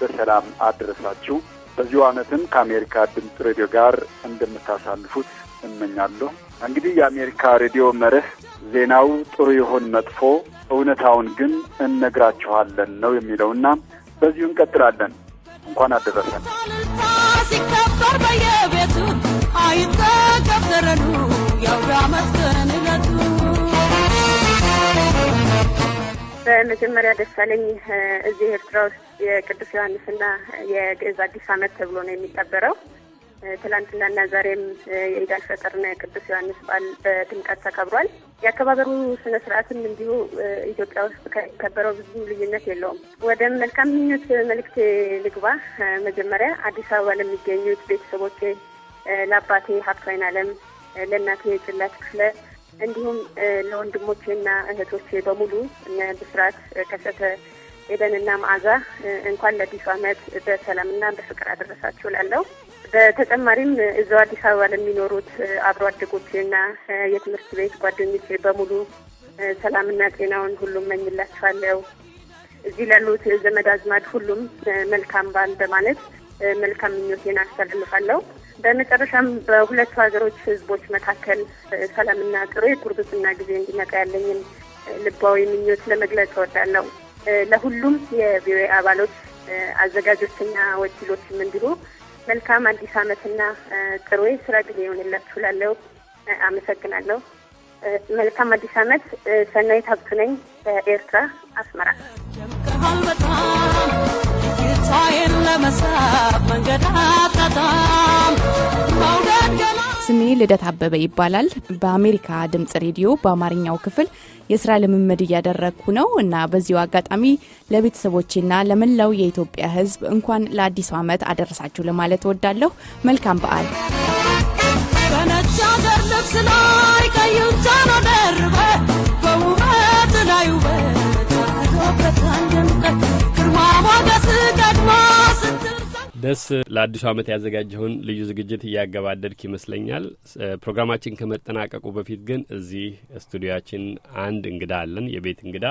በሰላም አደረሳችሁ። በዚሁ ዓመትም ከአሜሪካ ድምፅ ሬዲዮ ጋር እንደምታሳልፉት እመኛለሁ። እንግዲህ የአሜሪካ ሬዲዮ መርህ ዜናው ጥሩ ይሁን መጥፎ እውነታውን ግን እነግራችኋለን ነው የሚለውና በዚሁ እንቀጥላለን። እንኳን አደረሰን። ሲከበር በየቤቱ አይተከብረኑ መጀመሪያ ደሳለኝ እዚህ ኤርትራ ውስጥ የቅዱስ ዮሐንስና የግዕዝ አዲስ አመት ተብሎ ነው የሚከበረው። ትላንትናና ዛሬም የኢድ አልፈጥርና የቅዱስ ዮሐንስ በዓል በድምቀት ተከብሯል። የአከባበሩ ስነ ስርዓትም እንዲሁ ኢትዮጵያ ውስጥ ከከበረው ብዙ ልዩነት የለውም። ወደ መልካም ምኞት መልእክቴ ልግባ። መጀመሪያ አዲስ አበባ ለሚገኙት ቤተሰቦቼ፣ ለአባቴ ሀብታይን አለም፣ ለእናቴ ጭላት ክፍለ እንዲሁም ለወንድሞቼና እህቶቼ በሙሉ እነ ብስራት ከሰተ፣ ኤደንና መዓዛ እንኳን ለአዲሱ ዓመት በሰላምና በፍቅር አደረሳችሁ ላለው። በተጨማሪም እዛው አዲስ አበባ ለሚኖሩት አብሮ አደጎቼና የትምህርት ቤት ጓደኞቼ በሙሉ ሰላምና ጤናውን ሁሉም መኝላችኋለሁ። እዚህ ላሉት ዘመድ አዝማድ ሁሉም መልካም በዓል በማለት መልካም ምኞቴን አስተላልፋለሁ። በመጨረሻም በሁለቱ ሀገሮች ህዝቦች መካከል ሰላምና ጥሩ የጉርብትና ጊዜ እንዲመጣ ያለኝን ልባዊ ምኞት ለመግለጽ እወዳለሁ። ለሁሉም የቪኦኤ አባሎች አዘጋጆችና ወኪሎችም እንዲሁ መልካም አዲስ ዓመትና ጥሩ ስራ ጊዜ ይሆንላችሁ ላለው አመሰግናለሁ። መልካም አዲስ ዓመት። ሰናይት ሀብቱ ነኝ በኤርትራ አስመራ። ጌታዬን ለመሳብ መንገድ አጣጣ ስሜ ልደት አበበ ይባላል። በአሜሪካ ድምጽ ሬዲዮ በአማርኛው ክፍል የስራ ልምምድ እያደረግኩ ነው እና በዚሁ አጋጣሚ ለቤተሰቦቼና ለመላው የኢትዮጵያ ሕዝብ እንኳን ለአዲሱ ዓመት አደረሳችሁ ለማለት እወዳለሁ። መልካም በዓል። በነጭ አገር ልብስ ላይ ቀይ ጃን በውበት ላይ ውበት ደስ ለአዲሱ ዓመት ያዘጋጀውን ልዩ ዝግጅት እያገባደድክ ይመስለኛል። ፕሮግራማችን ከመጠናቀቁ በፊት ግን እዚህ ስቱዲያችን አንድ እንግዳ አለን። የቤት እንግዳ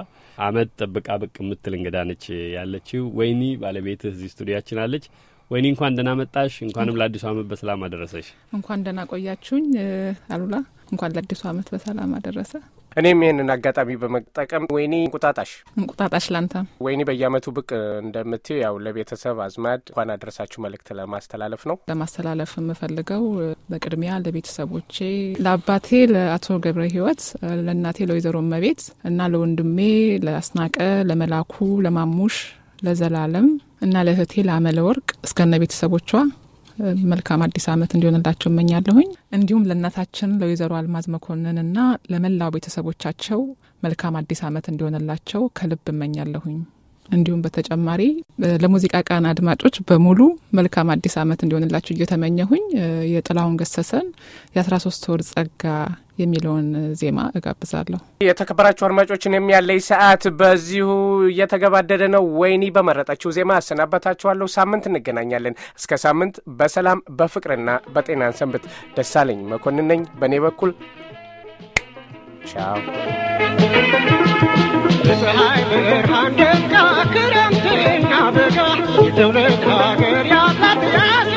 አመት ጠብቃ ብቅ የምትል እንግዳ ነች ያለችው ወይኒ ባለቤትህ እዚህ ስቱዲያችን አለች። ወይኒ እንኳን ደህና መጣሽ። እንኳንም ለአዲሱ ዓመት በሰላም አደረሰሽ። እንኳን ደህና ቆያችሁኝ። አሉላ እንኳን ለአዲሱ ዓመት በሰላም አደረሰ። እኔም ይህንን አጋጣሚ በመጠቀም ወይኒ እንቁጣጣሽ እንቁጣጣሽ ላንተ ወይኒ በየአመቱ ብቅ እንደምት ያው ለቤተሰብ አዝማድ እንኳን አድረሳችሁ መልእክት ለማስተላለፍ ነው። ለማስተላለፍ የምፈልገው በቅድሚያ ለቤተሰቦቼ፣ ለአባቴ ለአቶ ገብረ ህይወት፣ ለእናቴ ለወይዘሮ መቤት እና ለወንድሜ ለአስናቀ፣ ለመላኩ፣ ለማሙሽ፣ ለዘላለም እና ለእህቴ ለአመለ ወርቅ እስከነ ቤተሰቦቿ መልካም አዲስ አመት እንዲሆንላቸው እመኛለሁኝ። እንዲሁም ለእናታችን ለወይዘሮ አልማዝ መኮንንና ለመላው ቤተሰቦቻቸው መልካም አዲስ አመት እንዲሆንላቸው ከልብ እመኛለሁኝ። እንዲሁም በተጨማሪ ለሙዚቃ ቃና አድማጮች በሙሉ መልካም አዲስ ዓመት እንዲሆንላቸው እየተመኘሁኝ የጥላሁን ገሰሰን የአስራ ሶስት ወር ጸጋ የሚለውን ዜማ እጋብዛለሁ። የተከበራችሁ አድማጮች፣ እኔም ያለኝ ሰዓት በዚሁ እየተገባደደ ነው። ወይኒ በመረጠችው ዜማ አሰናበታችኋለሁ። ሳምንት እንገናኛለን። እስከ ሳምንት በሰላም በፍቅርና በጤናን ሰንብት። ደሳለኝ መኮንን ነኝ። በእኔ በኩል ቻው። ፀሐይ ብርሃን ደጋ ክረምትና በጋ የትውልድ ሀገር ያላት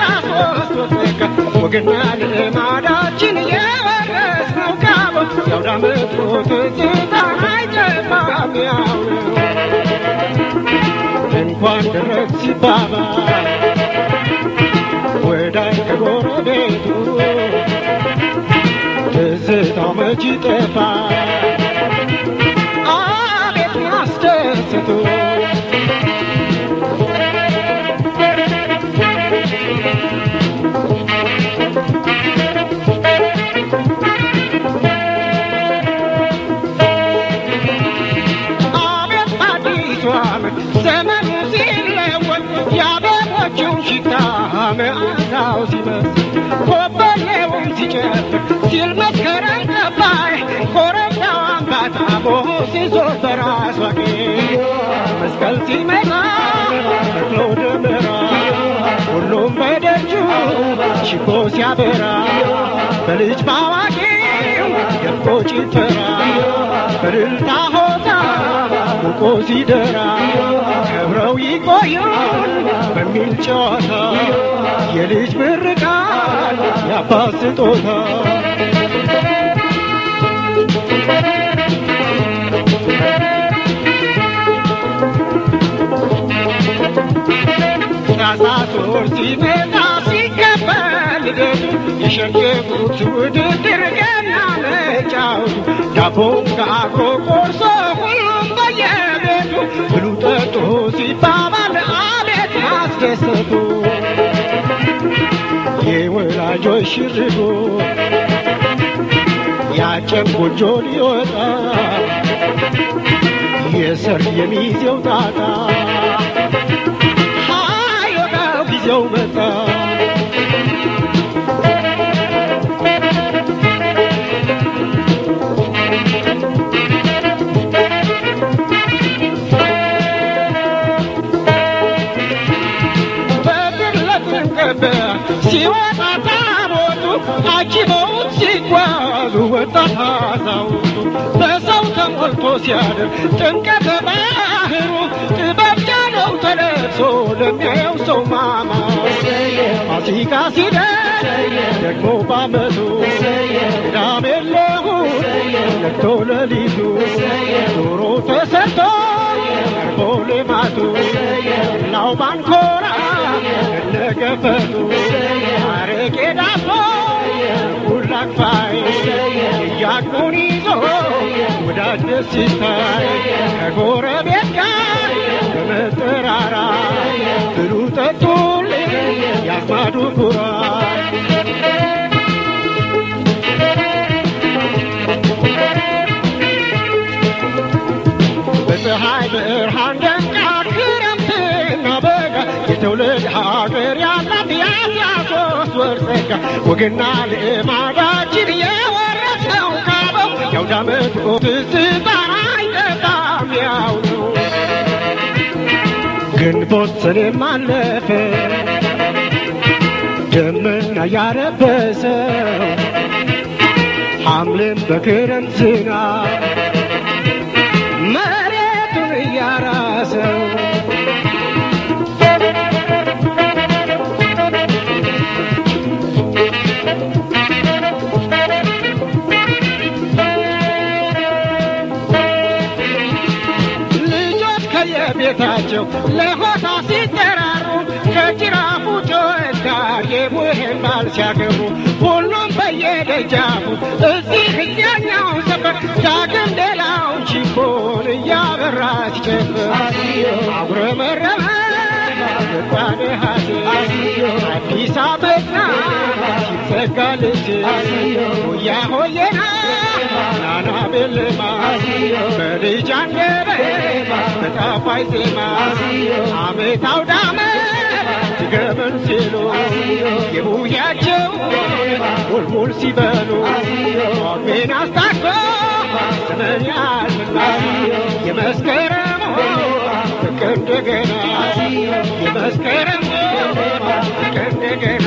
ወግና ልማዳችን የወረስነው ጋቦ ያውዳመቱ ትዝታ አይጠፋም ያው እንኳን ደረስ ሲባባል ወዳጅ ከጎረቤቱ ትዝታው መች ይጠፋል She goes, yeah, but ብርታ ሆታ ቁቆ ሲደራ ከብረው ይቆዩን በሚል ጨዋታ የልጅ ምርቃት የአባት ስጦታ ራሳቶር ሲመጣ የሸለሙት ውድድር ገና መጫው ዳቦን ጋግሮ ቆርሶ ሁሉም በየቤቱ ብሉ ጠጡ ሲባባል አቤት ማስደሰቱ የወላጆች ሽርዶ ያጨን ጎጆ ሊወጣ የሰርግ የሚዜው ጣጣ ሀይ ጊዜው መጣ አዛውንቱ በሰው ተሞልቶ ሲያድር ጭንቀተ ባህሩ ጥበብ ጃለው ተለብሶ ለሚያየው ሰው ማማ ፋሲካ ሲደር ደግሞ ባመቱ ቅዳሜ የለሁም ነግቶ ሌሊቱ ዶሮ ተሰርቶ ቀርቦ ሌማቱ እናው ባንኮራ እነ ገፈቱ አረቄ ዳቦ ያቅፋይ ያቁን ይዞ ወዳጅ ደስ ይታይ ከጎረቤት ጋር በመጠራራ ብሉ ጠጡልኝ ያማዱ ኩራት በፀሐይ ብርሃን ደምቃ ክረምትና በግ የትውልድ ሀገር ያላት የአስራ ሶስት ወር ወግና ልማዳችን የወረሰው ካበው የአውደ ዓመት ትዝታ አይጠፋም ያው ነው። ግንቦት ሰኔም አለፈ ደመና ያረበሰው ሐምሌም በክረምት ዝናብ ቤታቸው ለሆታ ሲጠራሩ ከጅራፉ ተወዳጅ የሙሄን ባል ሲያገቡ ሁሉም በየደጃፉ እዚህ እያኛውን ሰፈር ዳግም ሌላው ቺፖን እያበራ ሲጨፍር አጉረመረመ ጓዴ አዲስ አበባ ተካልች ሆያ ሆየና ናና ቤልማ በልጅ አንደበ በጣፋይ ዜማ አመት አውዳመ ሲገምን ሲሉ የቡያቸው ቡልቡል ሲበሉ ሜን አስታኮ ዘመን ያልፍና የመስከረም ፍቅር እንደገና የመስከረም ፍቅር እንደገና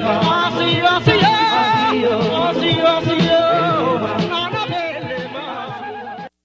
vacío, vacío, vacío, vacío, vacío.